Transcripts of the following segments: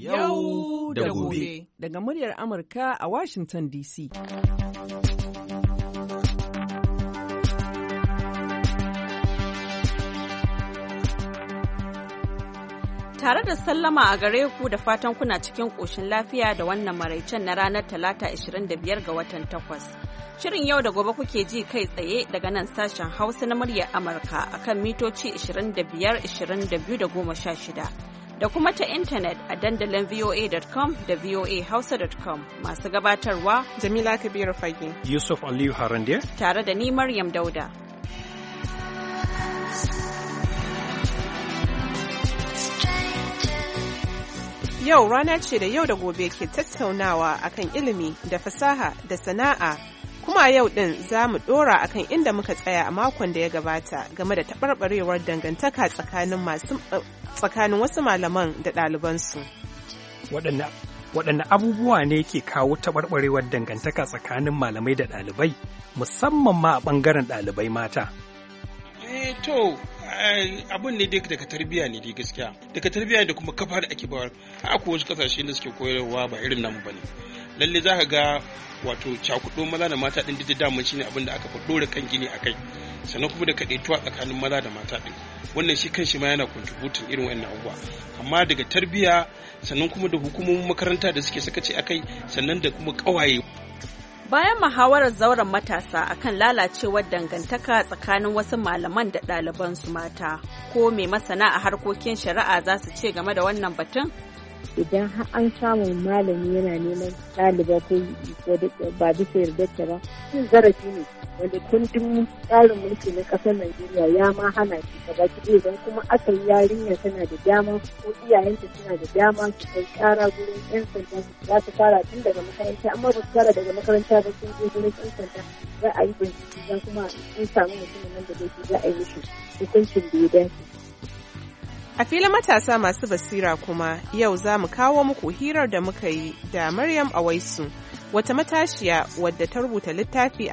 yau da gobe daga muryar Amurka a Washington DC. Tare da sallama a gare ku da fatan kuna cikin ƙoshin lafiya da wannan maraicen na ranar Talata 25 ga watan takwas. Shirin yau da gobe kuke ji kai tsaye daga nan sashen Hausa na muryar Amurka akan mitoci 25, 22 da 16. da kuma ta intanet a dandalin voa.com da voahausa.com masu gabatarwa Jamila Kabiru Fage. Yusuf Aliyu Harande. Tare da ni Maryam Dauda. Yau rana ce da yau da gobe ke tattaunawa akan ilimi da fasaha da sana'a kuma yau ɗin za mu ɗora akan inda muka tsaya a makon da ya gabata game da taɓarɓarewar dangantaka tsakanin wasu malaman da ɗalibansu. waɗanne abubuwa ne ke kawo taɓarɓarewar dangantaka tsakanin malamai da ɗalibai musamman ma a ɓangaren ɗalibai mata eh, to eh, abin ne daga tarbiyya ne dai gaskiya daga tarbiyya da kuma kafa da ake bawa a wasu kasashe da suke koyarwa ba irin nan ba ne lalle za ka ga wato cakuɗo maza da mata din duk damun shine abin da aka fa ɗora kan gini akai kai sannan kuma da kaɗaituwa tsakanin maza da mata din wannan shi kanshi ma yana contributing irin wannan abubuwa amma daga tarbiyya sannan kuma da hukumomin makaranta da suke sakaci akai sannan da kuma kawaye bayan muhawarar zauren matasa akan lalacewar dangantaka tsakanin wasu malaman da ɗalibansu mata ko mai masana a harkokin shari'a za su ce game da wannan batun idan har an samu malami yana neman ɗaliba ko ba bisa yarda ta ba cin zarafi ne wanda kundin tsarin mulki na ƙasar Najeriya ya ma hana shi gaba ki idan kuma aka yi yarinya tana da dama ko iyayenta suna da dama su kai ƙara gurin 'yan sanda za su fara tun daga makaranta amma ba su fara daga makaranta ba sun je gurin 'yan sanda za a yi bincike kuma sun samu mutumin nan da zai za a yi mishi hukuncin da ya dace. A filin matasa masu basira kuma yau za mu kawo muku hirar da muka yi da Maryam Awaisu, wata matashiya wadda ta rubuta littafi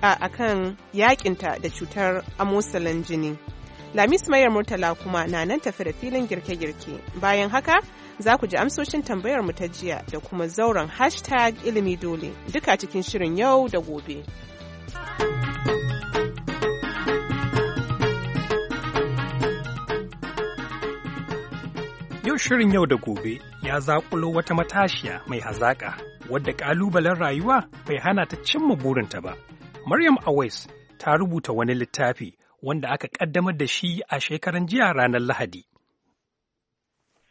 a kan yakinta da cutar amosalan jini. Lamis Mayar Murtala kuma na nan tafi da filin girke-girke. Bayan haka, za ku ji amsoshin tambayar mu ta jiya da kuma zauren hashtag ilimi dole duka cikin shirin yau da gobe. shirin yau da gobe ya zaƙulo wata matashiya mai hazaƙa wadda ƙalubalen rayuwa bai hana ta cimma burinta ba. Maryam Awais ta rubuta wani littafi wanda aka ƙaddamar da shi a shekaran jiya ranar Lahadi.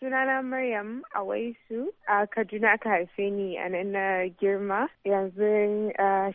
Sunana Maryam Awaisu a Kaduna aka haife ni a nan na girma yanzu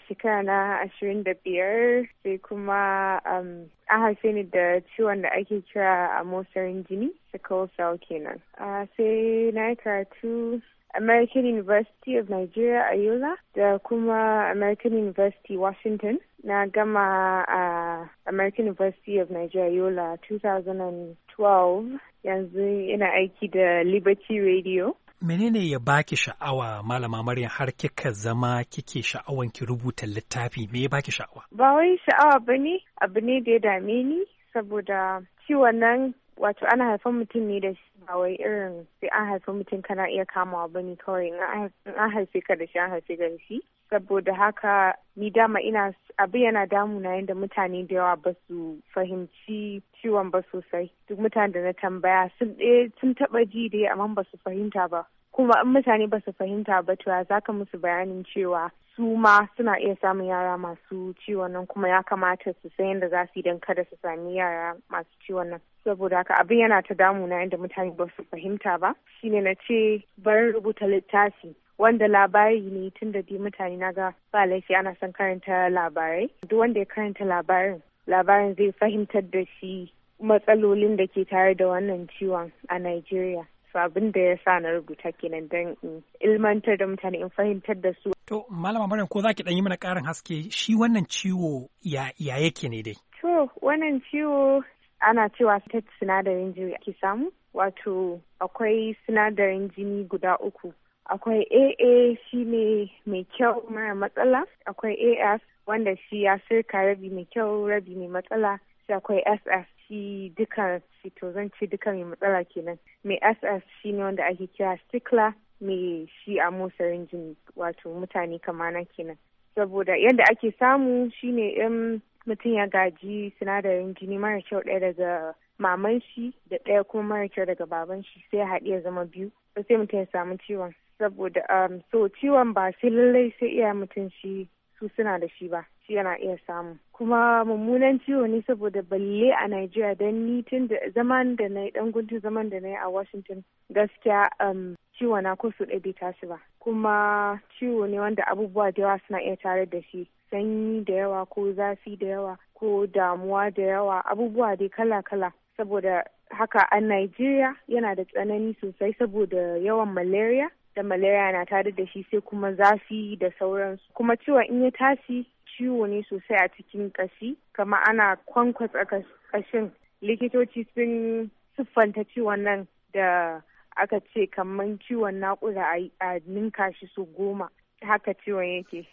shekara na ashirin da biyar sai kuma um, an haife ni da ciwon da ake kira a motsarin jini sickle cell kenan. sai na yi karatu American University of Nigeria Yola. da kuma American University Washington. Na gama a uh, American University of Nigeria Ayola 2012 yanzu ina aiki da Liberty Radio. Menene ya baki sha'awa malama Maryam har kika zama kike sha'awan ki rubuta littafi me ya baki sha'awa? Ba wai sha'awa bane abu ne da ya dame ni saboda ciwon nan wato ana haifan mutum ne da shi. ba wai irin sai an haifi mutum kana iya kamawa ba ne kawai in an haife ka da shi an haife ka shi saboda haka ni dama ina abu yana damu na yadda mutane da yawa ba su fahimci ciwon ba sosai duk mutane da na tambaya eh, sun taɓa ji dai amma ba su fahimta ba kuma in mutane ba su fahimta ba to za ka musu bayanin cewa su ma suna iya samun yara masu ciwon nan kuma ya kamata su san yadda za su yi don kada su sami yara masu ciwon nan saboda haka abin yana ta damuna inda mutane ba su fahimta ba shine na ce barin rubuta littafi wanda labari ne tun da mutane na ga ba laifi ana son karanta labarai duk wanda ya karanta labarin labarin zai fahimtar da shi matsalolin da ke tare da wannan ciwon a Najeriya. abin da ya sa na rubuta kenan don in ilmantar da mutane in fahimtar da su To, Malama Maryam ko za ki ɗan yi mana ƙarin haske shi wannan ciwo ya yake ne dai? To, wannan ciwo ana cewa ta sinadarin jini ake samu, wato akwai sinadarin jini guda uku. Akwai AA shi ne mai kyau mara matsala, akwai AS wanda shi ya sirka rabi mai kyau rabi mai matsala, sai akwai SS shi duka, shi to zan ce duka mai matsala kenan. Mai SS shi ne wanda ake kira stickler me shi a musa rinjin wato mutane kamana kenan saboda yadda ake samu shine in mutum ya gaji sinadarin jini mara kyau ɗaya daga maman shi da ɗaya kuma mara kyau daga baban shi sai haɗe ya zama biyu sai mutum ya samu ciwon saboda um, so ciwon ba sai lallai sai iya mutum shi su suna da shi ba shi yana iya samu kuma mummunan ciwo ne saboda balle a Najeriya don ni tun da zaman da na dan guntun zaman da na yi a Washington gaskiya um, ciwo na ko su ɗabi tashi ba kuma ciwo ne wanda abubuwa da yawa suna iya tare da shi sanyi da yawa ko zafi da yawa ko damuwa da yawa abubuwa dai kala-kala saboda haka a Najeriya yana da tsanani sosai saboda yawan malaria da malaria na tare da shi sai kuma zafi da sauransu kuma ciwon in ya tashi ciwo ne sosai a cikin kashi kama ana kwankwasa kashin likitoci sun siffanta ciwon nan da aka ce kamar ciwon naƙuda a ninka shi su goma haka ciwon yake.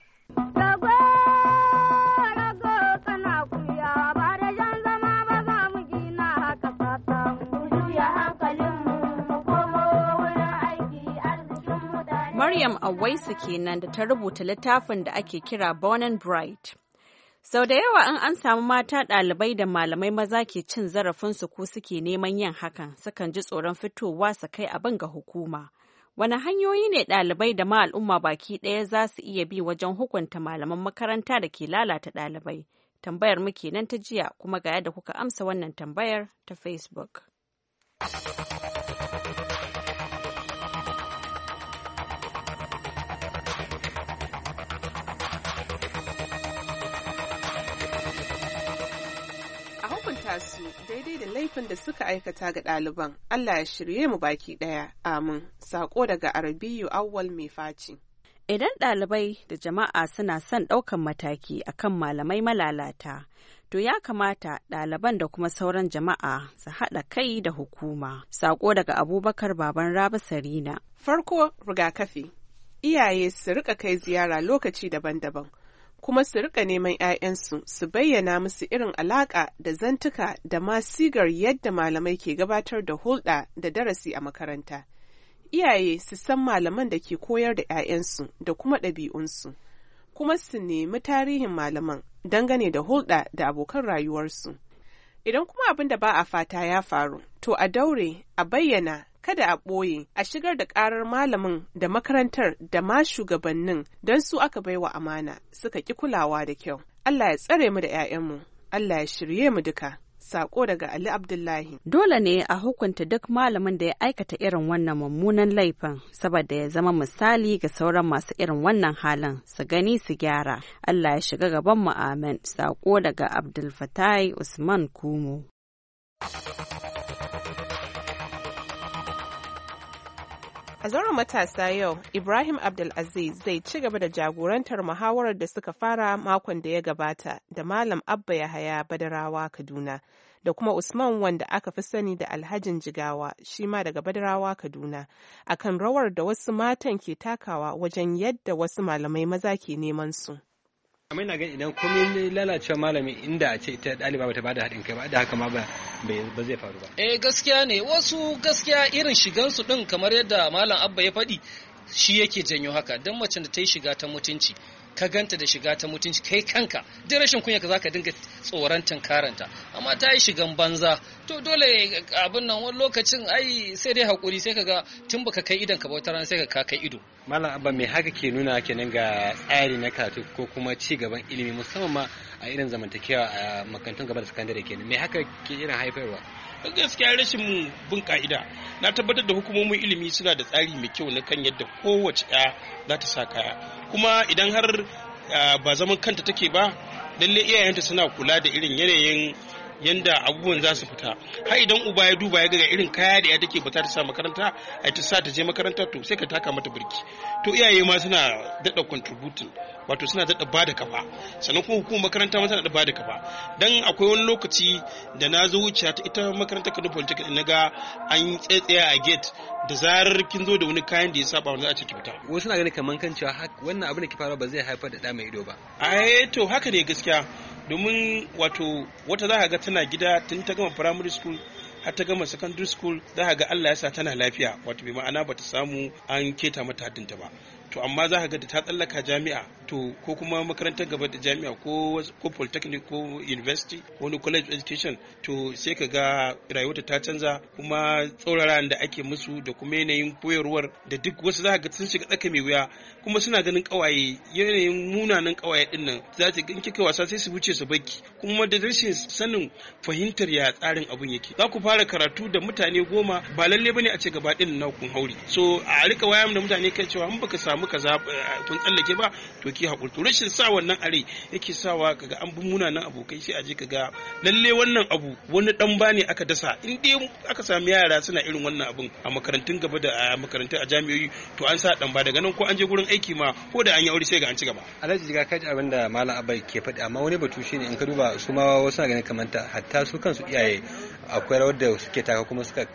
Rago, rago, tana Maryam Awaisu kenan da ta rubuta littafin da ake kira Born and Bright. Sau da yawa in an samu mata ɗalibai da malamai maza ke cin zarafinsu ko suke neman yin hakan, sukan ji tsoron fitowa su kai abin ga hukuma. Wani hanyoyi ne ɗalibai da ma al'umma baki ɗaya za su iya bi wajen hukunta malaman makaranta da ke lalata ɗalibai? Tambayar muke nan ta jiya kuma ga yadda kuka amsa wannan tambayar ta Facebook. su daidai da laifin da suka aikata ga ɗaliban. Allah ya shirye mu baki ɗaya. Amin. Sako daga Arabiyu Awwal mai faci. Idan ɗalibai da jama'a suna son ɗaukan mataki akan malamai malalata, to ya kamata ɗaliban da kuma sauran jama'a su haɗa kai da hukuma. Sako daga Abubakar Baban Rabi Sarina. Farko rigakafi. Iyaye su rika kai ziyara lokaci daban-daban. kuma su rika neman 'ya'yansu su bayyana musu irin alaƙa da zantuka da masigar yadda malamai ke gabatar da hulɗa da darasi a makaranta. Iyaye su san malaman da ke koyar da 'ya'yansu da kuma ɗabi'unsu, kuma su nemi tarihin malaman dangane da hulɗa da abokan rayuwarsu. Idan kuma abin da ba a fata ya faru, to a daure, a bayyana, kada a ɓoye a shigar da ƙarar malamin da makarantar da ma shugabannin don su aka bai wa amana suka ƙi kulawa da kyau. Allah ya tsare mu da 'ya'yanmu, Allah ya shirye mu duka. Saƙo daga Ali Abdullahi. Dole ne a hukunta duk malamin da ya aikata irin wannan mummunan laifin, saboda ya zama misali ga sauran masu irin wannan halin su gani su gyara. Allah ya shiga gaban mu amen. Sako daga Abdul Fatai Usman Kumu. A zauren matasa yau, Ibrahim Abdulaziz zai ci gaba da jagorantar muhawarar da suka fara makon da ya gabata da Malam Abba Yahaya Badarawa Kaduna da kuma Usman wanda aka fi sani da Alhajin Jigawa shi ma daga Badarawa Kaduna akan rawar da wasu matan ke takawa wajen yadda wasu malamai maza ke neman su. kamar ina gani idan komai lalacewa malami inda a ce ita ɗaliba bata bada haɗin kai ba da haka ma ba zai faru ba eh gaskiya ne wasu gaskiya irin shigan su ɗin kamar yadda malam abba ya faɗi shi yake janyo haka don mace da ta yi shiga ta mutunci ka ganta da shiga ta mutunci kai kanka duk rashin kunya ka zaka dinga tsoron tunkaranta amma ta yi shigan banza to dole abin nan wani lokacin ai sai dai hakuri sai kaga tun baka kai idan ka bautar sai ka kai ido malam abba me haka ke nuna kenan ga tsari na karatu ko kuma ci gaban ilimi musamman ma a irin zamantakewa a makarantun gaba da sakandare kenan me haka ke irin haifarwa gaskiya rashin bin ka'ida na tabbatar da hukumomin ilimi suna da tsari mai kyau na kan yadda kowace ya za ta sa kaya kuma idan har ah, ba zaman kanta take ba lalle iyayenta suna kula da irin yanayin yanda abubuwan za su fita har idan uba ya duba ya ga irin kaya da ya take ba ta sa makaranta a ta sa ta je makaranta to sai ka taka mata birki to iyaye ma suna dada contributing wato suna dada bada kafa sannan kuma hukumar makaranta ma ba da bada kafa dan akwai wani lokaci da na zo wuce ta ita makarantar Kano Polytechnic na ga an tsaya a gate da zarar kin zo da wani kayan da ya saba wanda za a ce ki fita wasu suna ganin kaman kan cewa wannan abin da ki fara ba zai haifar da da mai ido ba ai to haka ne gaskiya domin wato wata za ga tana gida tun ta gama primary school har ta gama secondary school za ga Allah ya sa tana lafiya wato bi ma'ana bata samu an keta mata haddinta ba to amma za ka ga da ta tsallaka jami'a to ko kuma makarantar gaba da jami'a ko ko polytechnic ko university ko wani college education to sai ka ga rayuwarta ta canza kuma tsauraran da ake musu da kuma yanayin koyarwar da duk wasu za ka ga sun shiga tsaka mai wuya kuma suna ganin kawaye yanayin munanan kawaye din nan za ta in kika wasa sai su wuce su baki kuma da rashin sanin fahimtar ya tsarin abun yake za ku fara karatu da mutane goma ba lalle bane a ce gaba din na kun hauri so a rika wayar da mutane kai cewa in baka samu muka kun tsallake ba to ki hakuri to rashin sa wannan are yake sawa kaga an bi munanan abokai sai a je kaga lalle wannan abu wani dan bane aka dasa in dai aka samu yara suna irin wannan abun a makarantun gaba da a makarantun a jami'o'i to an sa dan ba daga nan ko an je gurin aiki ma ko da an yi aure sai ga an ci gaba alhaji ga kaji abin da malam abai ke faɗi amma wani batu shine in ka duba su ma wasu na ganin kamanta hatta su kansu iyaye akwai rawar da suke taka kuma suka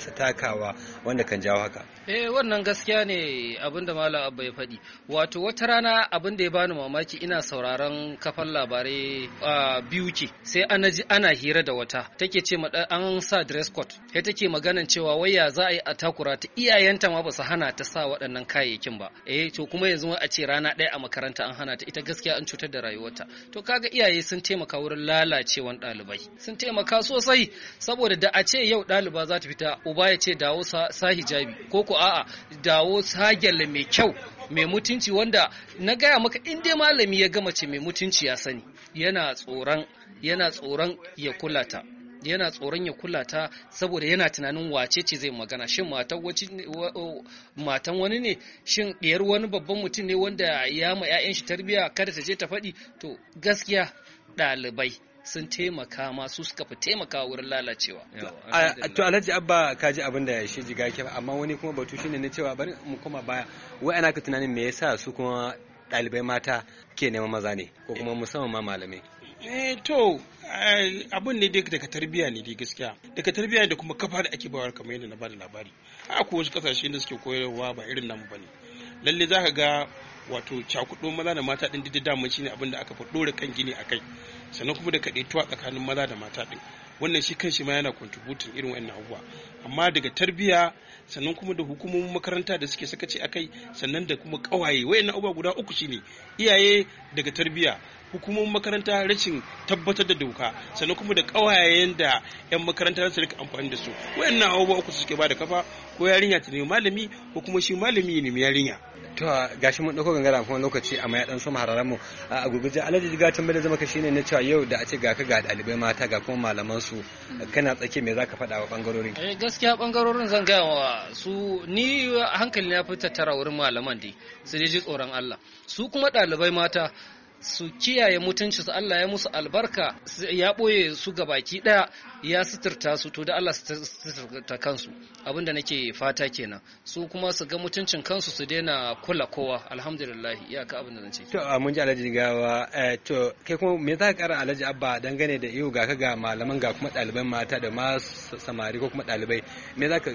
su takawa wanda kan jawo haka Eh wannan gaskiya ne abinda Malam Abba ya faɗi. Wato wata rana abinda ya bani mamaki ina sauraron kafan labarai biyu ke. sai ana ji ana hira da wata take ce ma an sa dress code sai take maganan cewa waya za a yi a takura ta iyayenta ma ba su hana ta sa waɗannan kayayyakin ba. Eh to kuma yanzu a ce rana ɗaya a makaranta an hana ta ita gaskiya an cutar da rayuwarta. To kaga iyaye sun taimaka wurin lalacewan ɗalibai. Sun taimaka sosai saboda da a ce yau ɗaliba za ta fita uba ya ce dawo sa hijabi ko ko a'a dawo sagelle mai kyau mai mutunci wanda na gaya maka in dai malami ya gama ce mai mutunci ya sani yana tsoron yana tsoron ya kula ta yana tsoron ya kula ta saboda yana tunanin wace ce zai magana shin matan wani ne shin ɗiyar wani babban mutum ne wanda ya ma 'ya'yan shi tarbiyya kada ta je ta faɗi to gaskiya ɗalibai sun taimaka ma su suka fi taimaka wurin lalacewa to alhaji abba ka ji abin da shi jiga ke amma wani kuma batu shine na cewa bari mu koma baya wai ana ka tunanin me yasa su kuma ɗalibai mata ke neman maza ne ko kuma musamman ma malamai eh to eh, abun ne dai daga tarbiyya ne dai gaskiya daga tarbiyya da kuma kafa da ake bayar kamar yadda na bada labari a wasu kasashe da suke koyarwa ba irin nan bane lalle zaka ga wato cakuɗo maza da mata ɗin didda mun shine abin da aka fa da kan gini akai kai sannan kuma da kaɗaituwa tsakanin maza da mata ɗin wannan shi kanshi ma yana contributing irin wannan abubuwa amma daga tarbiyya sannan kuma da hukumomin makaranta da suke sakaci a kai sannan da kuma kawaye wayannan abubuwa guda uku shine iyaye daga tarbiyya hukumomin makaranta rashin tabbatar da doka sannan kuma da ƙawayen da 'yan makaranta su rika amfani da su wayannan abubuwa uku suke bada da kafa ko yarinya ta nemi malami ko kuma shi malami ya nemi yarinya to gashi mun dauko gangara kuma lokaci a ya dan sama hararan mu a gurguje alhaji diga tambaye zama ka shine na cewa yau da a ce ga ka ga dalibai mata ga kuma malaman su kana tsake me zaka faɗa wa bangarorin eh gaskiya bangarorin zan ga wa su ni hankali na fita tara wurin malaman dai su ji tsoron Allah su kuma dalibai mata su kiyaye mutunci su Allah ya musu albarka ya ɓoye su ga baki ɗaya ya suturta su to da Allah suturta kansu abinda nake fata kenan su kuma su ga mutuncin kansu su daina kula kowa alhamdulillah ka abin da zan ce to mun ji alhaji gawa eh, to kai kuma me za ka kara alhaji abba dangane da yau ga ka ga malaman ga kuma ɗaliban mata da ma samari ko kuma ɗalibai me za ka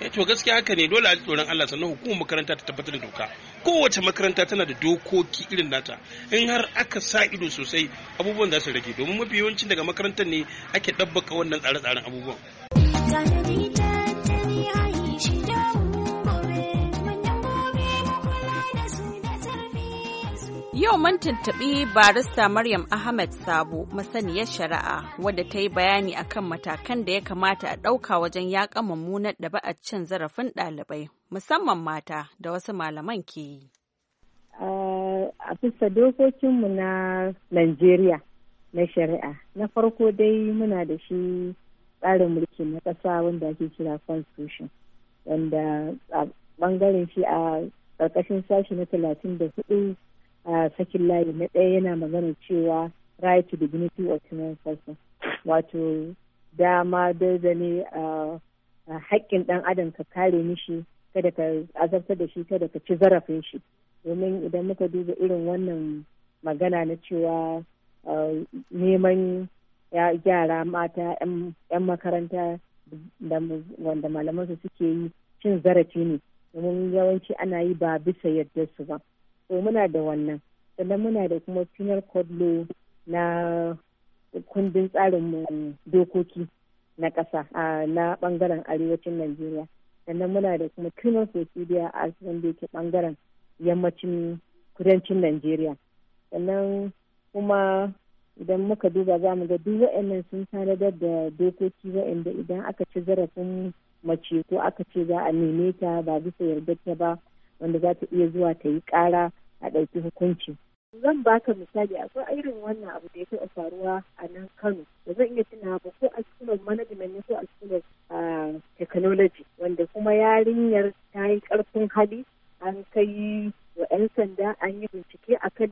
eh, to gaskiya haka ne dole a tsoron Allah sannan hukumar makaranta ta tabbatar da doka kowace makaranta tana da dokoki irin nata in har aka sa ido sosai abubuwan za su rage domin mafi yawancin daga makarantar ne ake ɗabbaka wannan tsare-tsaren abubuwan Yau mun tuntuɓi barista Maryam Ahmed Sabo masaniyar shari'a wadda ta yi bayani akan matakan da ya kamata a ɗauka wajen yaƙa mummunar da ba'a cin zarafin ɗalibai musamman mata da wasu malaman ke yi. Ah, a fisa dokokinmu na Najeriya na shari'a na farko dai muna da shi tsarin mulki na ƙasa wanda ake kira constitution wanda a ɓangaren shi a ƙarƙashin sashi na talatin da hudu a sakin layi na ɗaya yana magana cewa right to dignity of human person wato dama da ne a haƙƙin ɗan adam ka kare mishi kada ka azabtar da shi kada ka ci zarafin shi domin idan muka duba irin wannan magana na cewa neman gyara mata 'yan makaranta wanda malamansu suke yi cin zarafi ne domin yawanci ana yi ba bisa yadda su ba to muna da wannan sannan muna da kuma penal code law na kundin tsarin dokoki na ƙasa na ɓangaren arewacin najeriya sannan muna da kuma criminal procedure act wanda yake ɓangaren yammacin kudancin najeriya sannan kuma idan muka duba za mu ga duk wa'annan sun tanadar da dokoki wa'anda idan aka ci zarafin mace ko aka ce za a neme ta ba bisa yarda ta ba wanda za ta iya zuwa ta yi kara a ɗauki hukunci. Zan baka misali akwai irin wannan abu da ya a faruwa a nan Kano da zan iya tunawa ba ko a school of management ne ko a school of technology wanda kuma yarinyar ta yi ƙarfin hali an kai wa 'yan sanda an yi bincike a kan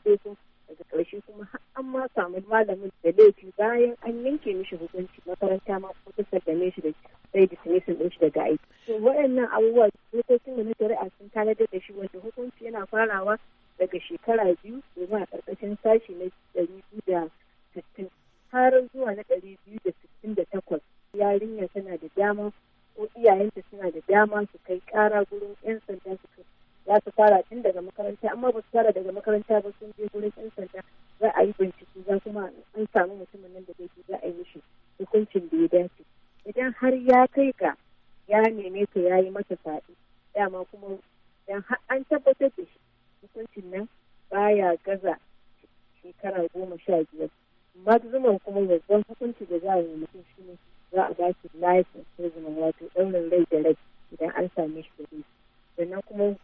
daga ƙarshe kuma an ma samu malamin da laifi bayan an yanke mishi hukunci makaranta ma ko ta sallame shi da sai sinisin ɗin shi daga aiki to waɗannan abubuwa dokokin da na shari'a sun tanadar da shi wanda hukunci yana farawa daga shekara biyu domin a ƙarƙashin sashi na ɗari biyu da sittin har zuwa na ɗari biyu da sittin da takwas yarinya tana da dama ko iyayenta suna da dama su kai ƙara gurin 'yan sanda su za su fara tun daga makaranta amma ba su fara daga makaranta ba sun je gurin yan sanda za a yi bincike za kuma an samu mutumin nan da zai za a yi mishi hukuncin da ya dace idan har ya kai ga ya neme ka ya yi masa faɗi dama kuma idan har an tabbatar da shi hukuncin nan baya gaza shekara goma sha biyar maximin kuma babban hukunci da za a yi mutum shi ne za a ba shi life prison wato ɗaurin rai da rai idan an same shi da sannan kuma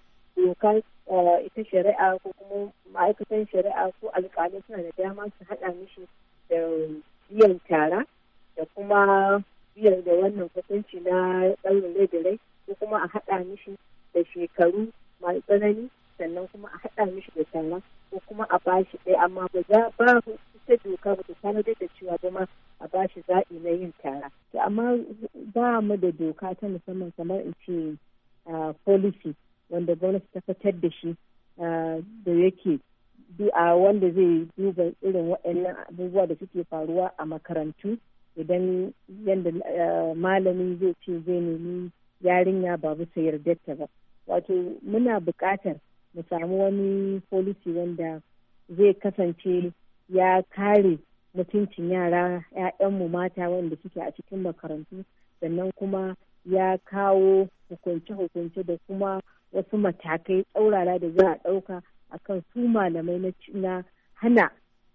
dokan eh, ita shari'a ko kuma ma'aikatan shari'a ko alƙalai suna da dama su haɗa mishi da biyan tara da kuma biyan da wannan hukunci na ɗaurin da rai ko kuma a haɗa mishi da shekaru masu tsanani sannan kuma a haɗa mishi da tara ko kuma a bashi ɗaya amma ba za ba ita doka ba ta tanadar da cewa ba ma a bashi zaɓi na yin tara. amma ba mu da doka ta musamman kamar in ce eh, policy wanda gwamnati ta fitar da shi uh, da yake a wanda zai duba irin waɗannan abubuwa da suke faruwa a makarantu idan yadda uh, malami zai ce zai nemi yarinya ba bisa yardarta ba wato muna buƙatar mu samu wani policy wanda zai kasance ya kare mutuncin yara 'ya'yanmu mata wanda suke a cikin makarantu sannan kuma ya kawo hukunce-hukunce da kuma wasu matakai tsaurara da za a ɗauka a kan su malamai na hana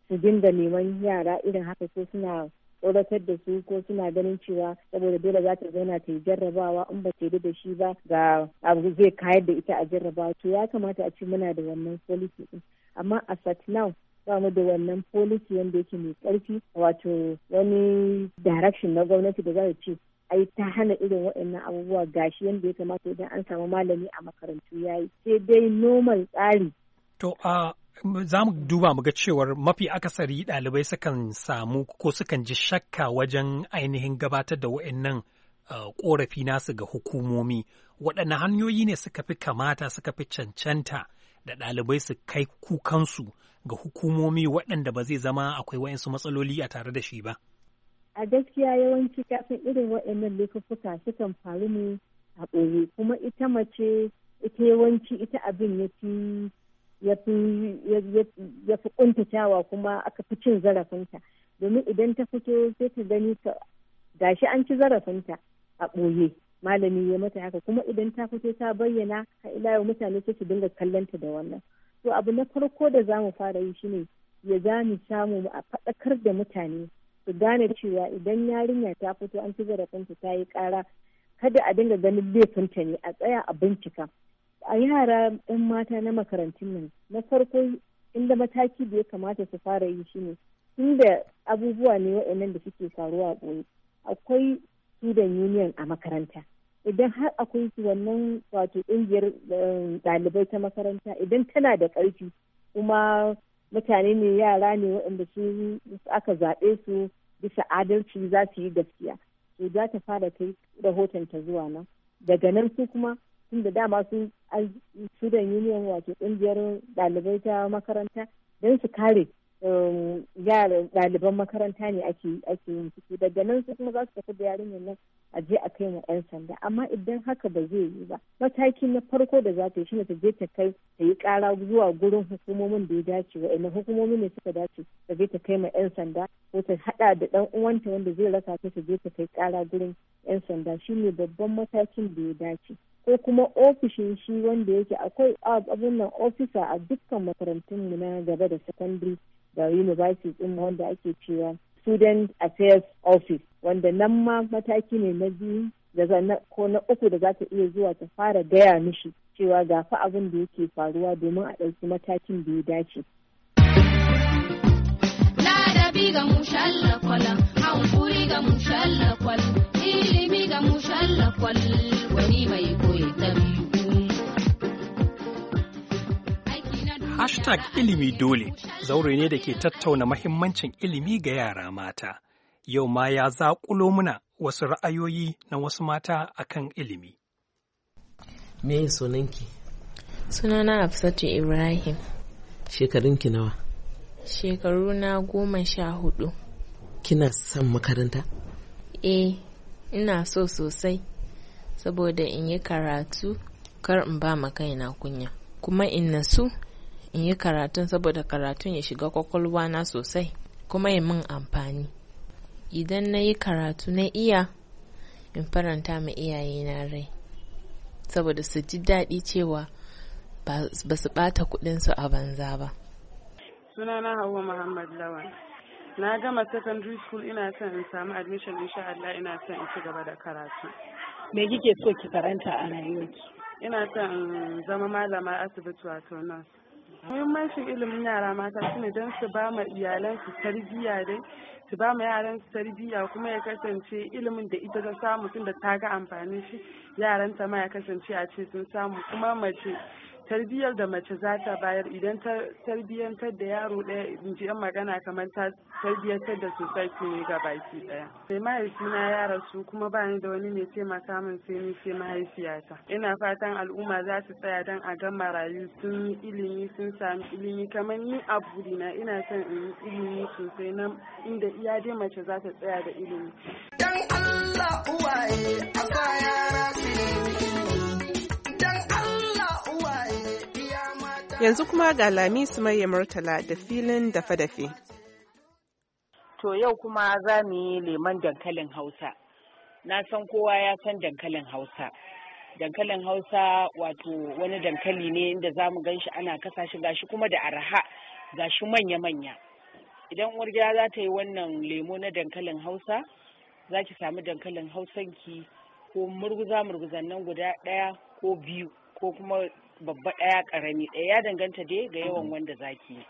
su dinga neman yara irin haka ko suna tsoratar da su ko suna ganin cewa saboda dole za ta zauna ta yi jarrabawa in ba ta yi da shi ba ga abu zai kayar da ita a jarrabawa to ya kamata a ce muna da wannan policy din amma a sat now ba mu da wannan policy wanda yake mai karfi wato wani direction na gwamnati da za ta ce ai ta hana irin waɗannan abubuwa gashi yadda ya kamata idan an samu malami a makarantu ya yi sai dai normal tsari. To a za mu duba mu ga cewar mafi akasari ɗalibai sukan samu ko sukan ji shakka wajen ainihin gabatar da waɗannan ƙorafi nasu ga hukumomi waɗanne hanyoyi ne suka fi kamata suka fi cancanta da ɗalibai su kai kukansu ga hukumomi waɗanda ba zai zama akwai waɗansu matsaloli a tare da shi ba. a gaskiya yawanci kafin irin waɗannan laifuffuka sukan faru ne a ɓoye kuma ita mace ita yawanci ita abin ya fi ya fi kuma aka fi cin zarafinta domin idan ta fito sai ta gani ka gashi an ci zarafinta a ɓoye malami ya mata haka kuma idan ta fito ta bayyana ka ila yau mutane sai su dinga kallonta da wannan to abu na farko da za mu fara yi shine ya za mu samu a faɗakar da mutane su gane cewa idan yarinya ta fito an ci zarafinta ta yi kara kada a dinga ganin laifinta ne a tsaya a bincika a yara yan mata na makarantun nan na farko inda mataki da ya kamata su fara yi shine inda abubuwa ne waɗannan da suke faruwa a ɓoye akwai student union a makaranta idan har akwai su wannan wato ƙungiyar eh, ɗalibai ta makaranta idan tana da ƙarfi kuma mutane ne yara ne waɗanda su aka zaɓe su bisa adalci za su yi gaskiya to za ta fara kai rahoton ta zuwa nan daga nan su kuma tun da dama su sudan union wato ƙungiyar ɗalibai ta makaranta don su kare um, yaran ɗaliban makaranta ne ake yin ciki daga nan su kuma za su tafi da yarinyar nan a je a kai ma 'yan sanda amma idan haka ba zai yi ba mataki na farko da za ta yi shine ta je ta kai ta yi kara zuwa gurin hukumomin da ya dace wa ina hukumomin ne suka dace ta je ta kai ma 'yan sanda ko ta hada da dan uwanta wanda zai rasa ta ta je ta kai kara gurin 'yan sanda shine babban matakin da ya dace ko kuma ofishin shi wanda yake akwai abin nan ofisa a dukkan makarantun mu na gaba da sakandare da university din wanda ake cewa student affairs office wanda nan ma mataki ne na biyu da ko na uku da za ta iya zuwa ta fara gaya mishi cewa ga fa abin da yake faruwa domin a ɗauki matakin da ya dace. Ladabi ga ga ilimi ga mushallakwal, wani mai koyi biyu. hashtag ilimi dole zaure ne da ke tattauna mahimmancin ilimi ga yara mata. Yau ma ya zaƙulo muna wasu ra'ayoyi na wasu mata a kan ilimi. Me sunanki? Sunana Hafsatu Ibrahim. Shekarunki nawa? Shekaru na goma sha hudu. Kina son makaranta? Eh, ina so sosai, saboda in yi karatu kar in ba ma kaina kunya, kuma in nasu in yi karatun saboda karatun ya shiga kwakwalwa na sosai kuma ya min amfani idan na yi karatu na iya in faranta ma iyaye na rai saboda su ji daɗi cewa ba su ɓata kuɗinsu a banza ba sunana hawa muhammad lawan na gama secondary school ina son in samu admission insha Allah ina son in ci gaba da karatu me kike so ki karanta a rayuwarki ina son in zama malama asibiti wato nurse muhimmancin ilimin yara mata shine don su ba ma su tarbiyya dai su ba ma yaran su tarbiyya kuma ya kasance ilimin da ita ta samu tun ta ga amfanin shi yaranta ma ya kasance a ce sun samu kuma mace tarbiyyar da mace za ta bayar idan ta tarbiyyantar da yaro ɗaya in ji magana kamar ta tarbiyyantar da society ne ga baki ɗaya sai mahaifina ya rasu kuma ba ni da wani mai taimaka min sai ni ce mahaifiyata ina fatan al'umma za su tsaya don a ga marayu sun yi ilimi sun sami ilimi kamar ni a burina ina son in yi ilimi sosai na inda iya dai mace za ta tsaya da ilimi. Yan Allah uwaye a kaya Yanzu kuma ga Lami Sumayya Murtala da filin dafe-dafe. To yau kuma za mu yi leman dankalin Hausa. Na san kowa ya san dankalin Hausa. Dankalin Hausa wato wani dankali ne inda za mu gan shi ana kasa shi gashi kuma da araha gashi manya-manya. Idan uwar gida za ta yi wannan lemo na dankalin Hausa, za ki samu dankalin Hausanki ko murguza murguzan nan guda ɗaya ko biyu ko kuma babba ɗaya ƙarami ɗaya ya danganta dai ga yawan wanda zaki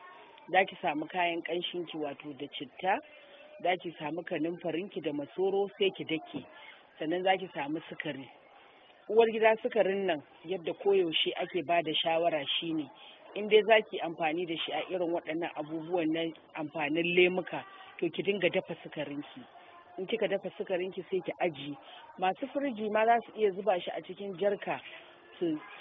zaki samu kayan ƙanshinki wato da citta zaki samu ki da masoro sai ki dake sannan zaki samu sukari uwar gida sukarin nan yadda koyaushe ake ba da shawara shine in dai zaki amfani da shi a irin waɗannan abubuwan na amfanin lemuka to ki dinga dafa sukarinki in kika dafa ki, sai ki aji masu firiji ma za su iya zuba shi a cikin jarka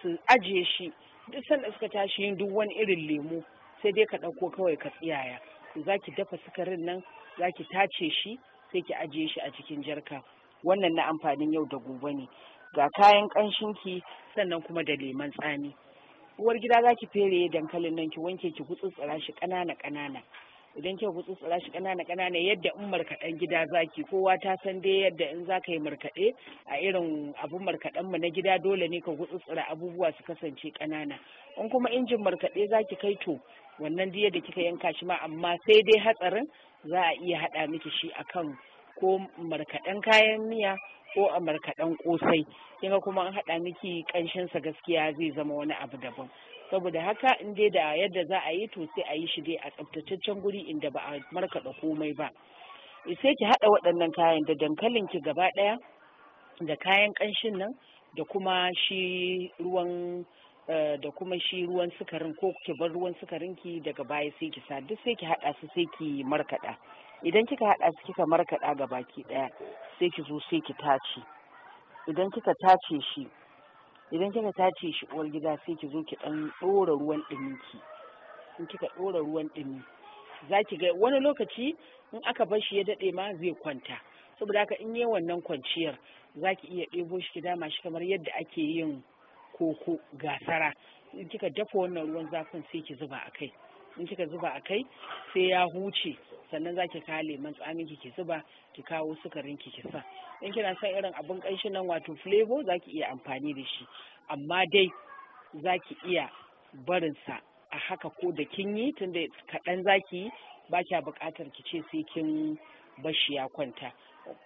su ajiye shi duk sanda suka tashi yin duk wani irin lemu sai dai ka ɗauko kawai ka tsiyaya za ki dafa sukarin nan za ki tace shi sai ki ajiye shi a cikin jarka wannan na amfanin yau da gobe ne ga kayan ki sannan kuma da leman tsami uwar gida za ki fere dankalin nan ki wanke ki gutsutsura shi ƙanana ƙanana idan kyau ku tsutsura shi kanana kanana yadda in markaɗen gida zaki kowa ta san dai yadda in za ka yi markaɗe a irin abun markaɗen mu na gida dole ne ka gutsutsura abubuwa su kasance kanana in kuma injin markaɗe zaki kai to wannan diya da kika yanka shi ma amma sai dai hatsarin za a iya haɗa miki shi akan ko markaɗen kayan miya ko a markaɗen ƙosai kinga kuma an haɗa miki ƙanshinsa gaskiya zai zama wani abu daban saboda haka in dai da yadda za a yi to sai a yi shi dai a tsaftataccen guri inda ba a markaɗa komai ba eh, sai ki haɗa waɗannan kayan da dankalin ki gaba ɗaya da kayan ƙanshin nan da kuma shi ruwan eh, da kuma shi ruwan sukarin ko ki bar ruwan sukarin ki daga baya sai ki sa duk sai ki haɗa su sai ki markaɗa idan kika haɗa su kika markaɗa ga baki ɗaya sai ki zo sai ki tace idan kika tace shi idan kika tace shi uwar gida sai ki zo ki dan dora ruwan dumin ki in kika dora ruwan dumi zaki ga wani lokaci in aka bar shi ya dade ma zai kwanta saboda haka in yi wannan kwanciyar zaki iya ɗebo shi ki dama shi kamar yadda ake yin koko gasara in kika dafa wannan ruwan zafin sai ki zuba a kai in kika zuba a kai sai ya huce sannan za ki kawo lemon tsamin ki zuba ki kawo sukarin ki ki sa in kina son irin abun kanshi nan wato flavor ki iya amfani da shi amma dai za ki iya barin sa a haka ko da kin yi tunda kaɗan zaki yi ba kya buƙatar ki ce sai kin bashi ya kwanta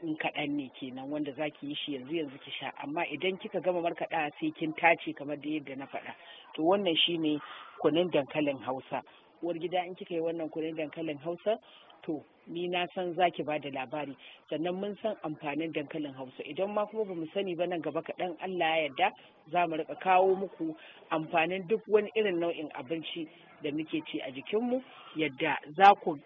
in kaɗan ne kenan wanda za ki yi shi yanzu yanzu ki sha amma idan kika gama markaɗa sai kin tace kamar da yadda na faɗa to wannan shine kunun dankalin hausa uwar gida in kika yi wannan kunin dankalin hausa to ni na san zaki ba da labari sannan mun san amfanin dankalin hausa idan ma kuma bamu sani ba nan gaba kaɗan allah ya yarda za mu rika kawo muku amfanin duk wani irin nau'in abinci da muke ci a jikinmu yadda za ku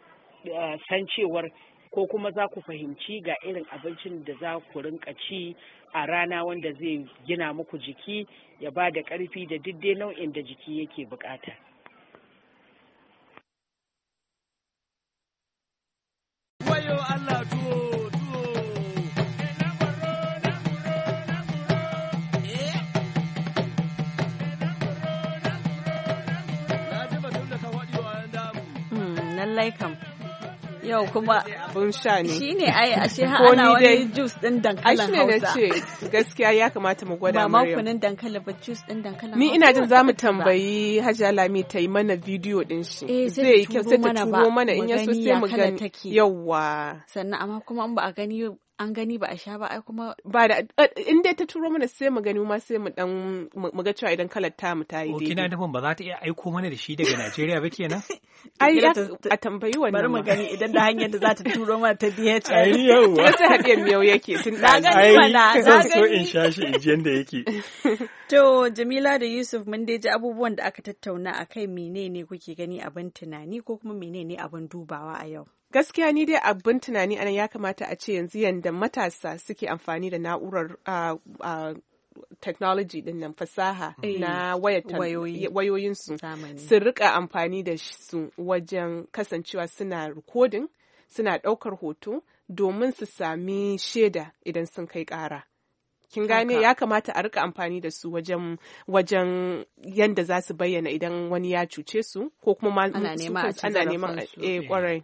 eh, san cewar ko kuma za ku fahimci ga irin abincin da za ku rinka ci a rana wanda zai gina muku jiki ya ba da ƙarfi da diddai nau'in da jiki yake bukata. Allah tuwo tuwo. Hmm, lallai kam. yau kuma abun sha ne shi ne ai ashe ha ana wani jus din dankalin hausa ashe ne ce gaskiya ya kamata mu gwada Maryam ba makunin dankalin ba jus din dankalin ni ina jin zamu tambayi Hajiya Lami ta yi mana bidiyo din shi eh, zai yi kyau sai ta turo mana in yaso sai mu gani yawa sannan amma kuma an ba a gani an gani ba a sha ba ai kuma ba da eh, in dai ta turo mana sai mu gani ma sai mu dan mu ga cewa idan kalar ta mu ta yi daidai. kina nufin ba za ta iya aiko mana da shi daga Najeriya ba kenan? Ai a tambayi wannan. Bari mu gani idan da hanyar da za ta turo mana ta DHL. Ai yawa. Ta haɗe miyau yake tun da gani mana na gani. so in sha shi in ji yanda yake. To Jamila da Yusuf mun dai ji abubuwan da aka tattauna akai menene kuke gani abin tunani ko kuma menene abin dubawa a yau. gaskiya ni dai abin tunani anan ya kamata a ce yanzu yadda matasa suke amfani da na'urar technology din nan fasaha eh, na wayoyinsu su rika amfani da su wajen kasancewa suna rikodin suna ɗaukar hoto domin su sami shaida idan sun kai ƙara. kin gane ya kamata a rika amfani da su wajen wajen yanda za su bayyana idan wani ya cuce su ko kuma ana neman eh kwarai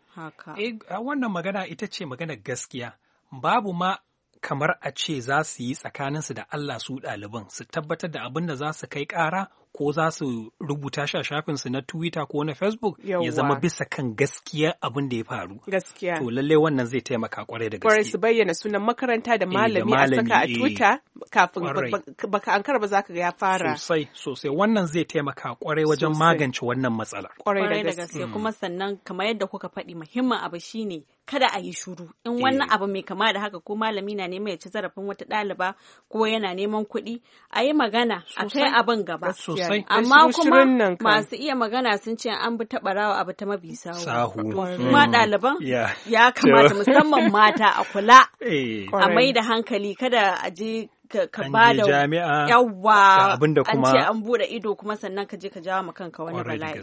eh wannan magana ita ce magana gaskiya babu ma kamar a ce za su yi tsakaninsu da Allah su ɗaliban su tabbatar da abin da za su kai ƙara ko za su rubuta shi a shafinsu na Twitter ko na Facebook ya zama bisa kan gaskiya abin da ya faru. Gaskiya. To lallai wannan zai taimaka kwarai da gaskiya. Kwarai su bayyana sunan makaranta da eh, malami a saka a eh, Twitter kafin baka ankara ba za ka ga ya fara. Sosai sosai wannan zai taimaka kwarai wajen magance wannan matsala. Kwarai da gaskiya. Mm. kuma sannan kamar yadda kuka faɗi muhimmin abu shine kada a yi shuru in eh. wannan abu mai kama da haka ko malami na neman ya ci zarafin wata ɗaliba ko yana neman kuɗi a yi magana a kai abin gaba sosai amma kuma masu iya magana sun ce an bi taɓa rawa abu ta mabi sahu hmm. kuma ɗaliban ya kamata musamman mata a kula eh. a mai da hankali kada a je ka ba da yawa an ce an bude ido kuma sannan ka je ka jawo kanka wani bala'i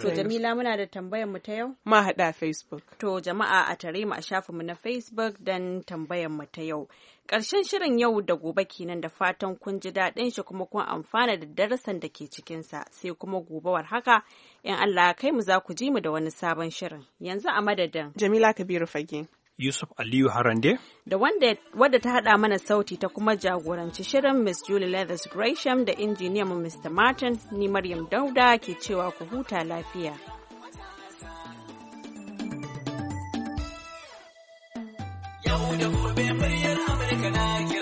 so jamila muna da tambayar mu ta yau ma hada facebook to jama'a a tare mu a shafin mu na facebook dan tambayar mu ta yau Ƙarshen shirin yau da gobe kenan da fatan kun ji daɗin shi kuma kun amfana da darasan da ke cikinsa sai kuma gobawar haka in Allah kai mu za ku ji mu da wani sabon shirin yanzu a madadin. Jamila Kabiru Fage. Yusuf Aliyu Harande. Da wanda wadda ta haɗa mana sauti ta kuma jagoranci shirin Miss Julie Leathers Gresham da injiniyan mu Mr. Martin ni Maryam Dauda ke cewa ku huta lafiya. Yau da gobe can I get